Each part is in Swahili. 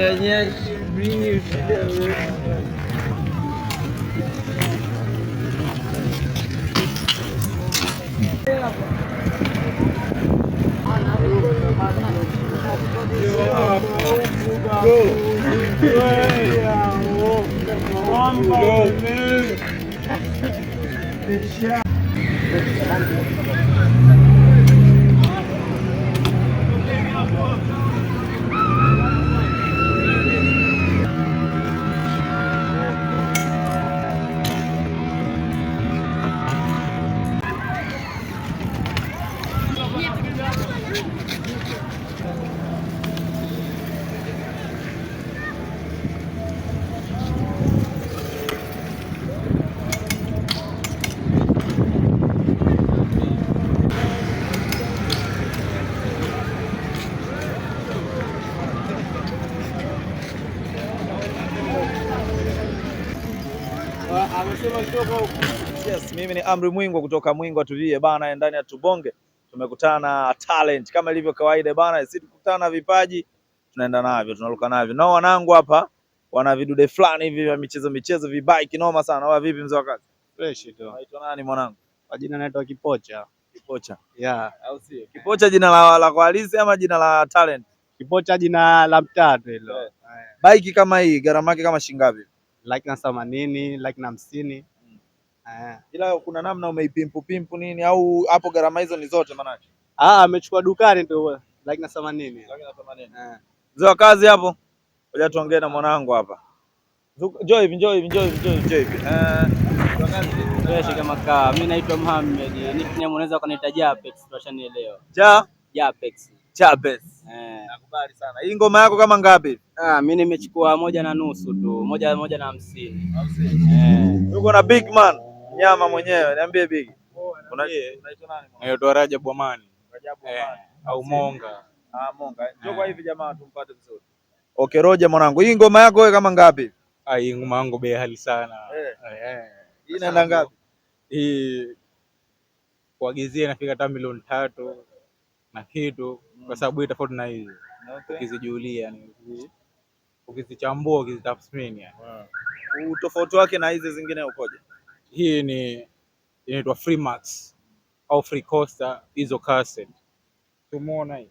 Yani bir Go. Yes, mimi ni Amri Mwingwa kutoka Mwingwa TV bana, ndani ya Tubonge tumekutana talent kama ilivyo kawaida bana, sisi tukutana na vipaji tunaenda navyo tunaruka navyo, nao wanangu hapa wana vidude fulani hivi vya michezo michezo vibai kinoma sana. Wewe vipi mzee wa kazi? Fresh tu. Unaitwa nani mwanangu? Kwa jina naitwa Kipocha. Kipocha. Yeah, au sio? Kipocha jina la la kwa ama jina la talent? Kipocha jina la mtaa tu Yeah. Bike kama hii gharama yake kama shilingi ngapi? laki na themanini laki na hamsini mm. Eh. Ila kuna namna umeipimpu pimpu nini au hapo gharama hizo ni zote manake? Ah, amechukua dukani ndio laki na themanini laki na themanini eh. Mzee wa kazi hapo, ngoja tuongee na mwanangu hapa. Njoo hivi, njoo hivi, njoo hivi, njoo hivi. Eh. Shikamakaa, mimi naitwa Mohamed, nickname unaweza ukaniita Japex, leo. Ja Japex. Japex. Eh. Nakubali sana. Hii ngoma yako kama ngapi? Ah, mimi nimechukua moja na nusu tu, moja moja na hamsini. Eh. Yuko na big man, nyama mwenyewe. Niambie big. Oh, Unaitwa nani? Naitwa Rajab Amani. Rajab eh, Amani. Au Monga. Ah, Monga. Eh. Njoo kwa hivi jamaa tumpate vizuri. Okay, Roja mwanangu. Hii ngoma yako wewe kama ngapi? Ah, hii ngoma yangu bei hali sana. Eh. Hii inaenda ngapi? Hii kuagizia inafika hata milioni tatu na kitu kwa sababu hii tofauti na hizi ukizijulia, ukizichambua, ukizitathmini, utofauti wake na hizi zingine ukoje? Hii ni inaitwa Freemax au Free hizo cassette tumuona hii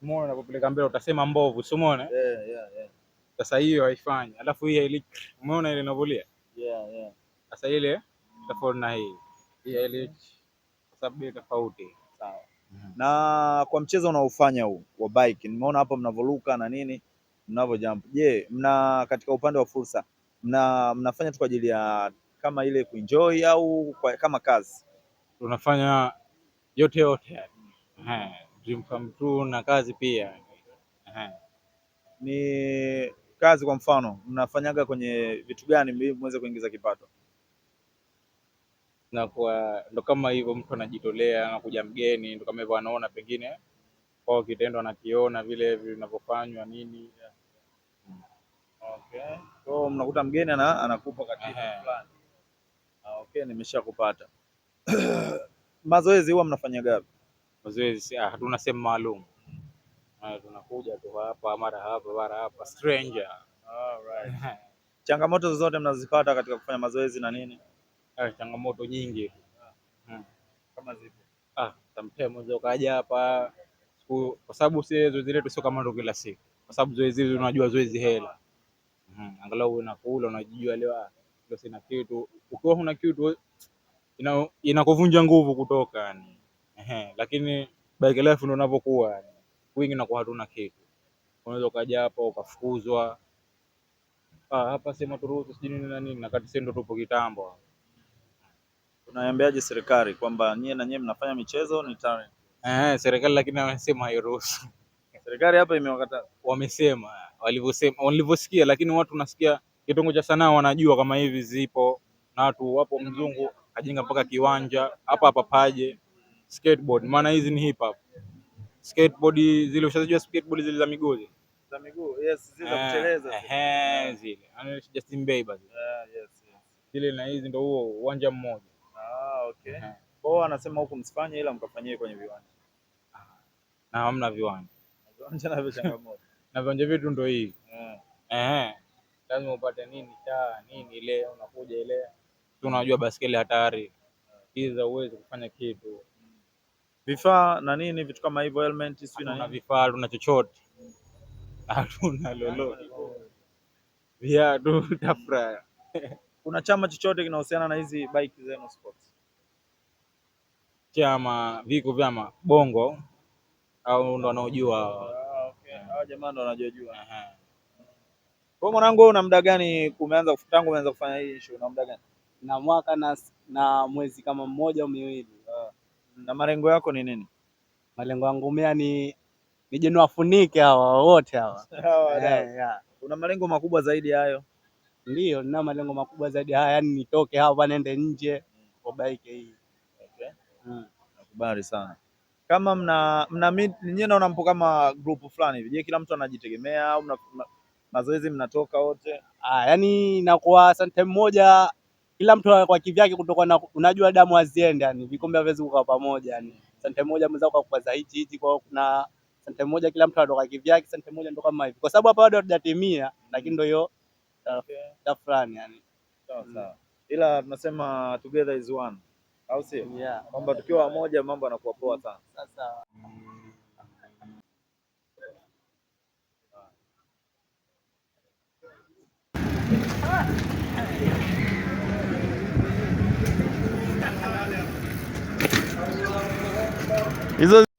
muona unapopeleka mbele utasema mbovu, si umeona? yeah, yeah, yeah. Sasa hiyo haifanyi, alafu hii ile umeona ile inavulia yeah, yeah. Sasa ile tofauti na hii hii ile, sababu tofauti sawa Mhm. Na kwa mchezo unaofanya huu wa bike, nimeona hapa mnavoruka na nini mnavo jump. Je, mna katika upande wa fursa mna mnafanya tu kwa ajili ya kama ile kuenjoy au kwa, kama kazi? Tunafanya yote yote, dream come true na kazi pia ehe. Ni kazi, kwa mfano mnafanyaga kwenye vitu gani mweze kuingiza kipato? kwa ndo kama hivyo, mtu anajitolea, anakuja mgeni, ndo kama hivyo, anaona pengine kwao kitendo anakiona vile vinavyofanywa nini. Okay. So mnakuta mgeni ana, anakupa katika fulani. Ah, okay, nimeshakupata. Mazoezi huwa mnafanya gapi? Mazoezi ah, hatuna sehemu maalum. Ah, tunakuja tu hapa mara hapa mara hapa stranger. All right. Changamoto zozote mnazipata katika kufanya mazoezi na nini? Eh, changamoto nyingi hmm. kama zipo. Ah, tamtea mwenzo ukaja hapa siku, kwa sababu si zoezi letu sio kama ndo kila siku, kwa sababu zoezi hili unajua zoezi hela. Mm, angalau unakula unajijua leo ah, leo sina kitu. Ukiwa huna kitu inakuvunja ina nguvu kutoka yani. Ehe, lakini bike life ndo unavyokuwa yani. Wingi na nakuwa hatuna kitu. Unaweza ukaja hapa ukafukuzwa. Ah, hapa sema turuhusu sijui nini na nini, na kati sisi tupo kitambo. Unaiambiaje serikali kwamba nyie na nyie mnafanya michezo ni talent? Eh, serikali lakini wamesema hairuhusu. Serikali hapa imewakata, wamesema walivyosema, walivyosikia, lakini watu nasikia kitongo cha sanaa wanajua kama hivi zipo na watu wapo, mzungu kajenga mpaka kiwanja hapa hapa paje skateboard, maana hizi ni hip hop skateboard, zile ushajua skateboard zile za miguu za miguu, yes, zile za kuteleza eh, zile yaani Justin Bieber zile, yes, yes, zile na hizi ndio huo uwanja mmoja Ah, okay. Kwao anasema huku msifanye, ila mkafanyie kwenye viwanja. Ah, na hamna viwanja. Viwanja na changamoto. Na viwanja vyetu ndio hii. Eh. Lazima upate nini cha nini ile unakuja ile. Tunajua baskeli hatari. Hizi za kufanya kitu. Vifaa na nini vitu kama hivyo helmet sio na vifaa tuna chochote. Hatuna lolote. Viatu tafraya kuna chama chochote kinahusiana na hizi bike zenu sports? Chama viko vyama Bongo au ndo wanaojua? Ah, okay, hao jamaa ndo wanajua. Kwa mwanangu, una muda gani kumeanza tangu umeanza kufanya hii issue, una muda gani? na mwaka na, na mwezi kama mmoja au miwili. Ah. Na malengo yako ni nini? Malengo yangu mimi ni nije niwafunike hawa wote hawa. Eh, una malengo makubwa zaidi hayo? ndio nina malengo makubwa zaidi haya, yaani nitoke hapa nende nje kwa bike hii. Okay. Mm. Nakubali sana. Kama mna mna nyinyi, naona mpo kama group fulani hivi. Je, kila mtu anajitegemea au mna, mazoezi mnatoka wote? Ah, yani inakuwa sometime moja kila mtu kwa kivyake kutoka na unajua damu haziende yani vikombe haviwezi kukaa pamoja yani. Sometime moja mzao kwa kwa zaidi hizi, kwa kuna sometime moja kila mtu anatoka kivyake, sometime moja ndo kama hivi. Kwa sababu hapa bado hatujatimia lakini mm. ndio hiyo da fulani yani. Mm. Ila tunasema together is one. Au sio? Yeah. Kwamba tukiwa wamoja mambo yanakuwa poa sana. Mm. Sasa. Hizo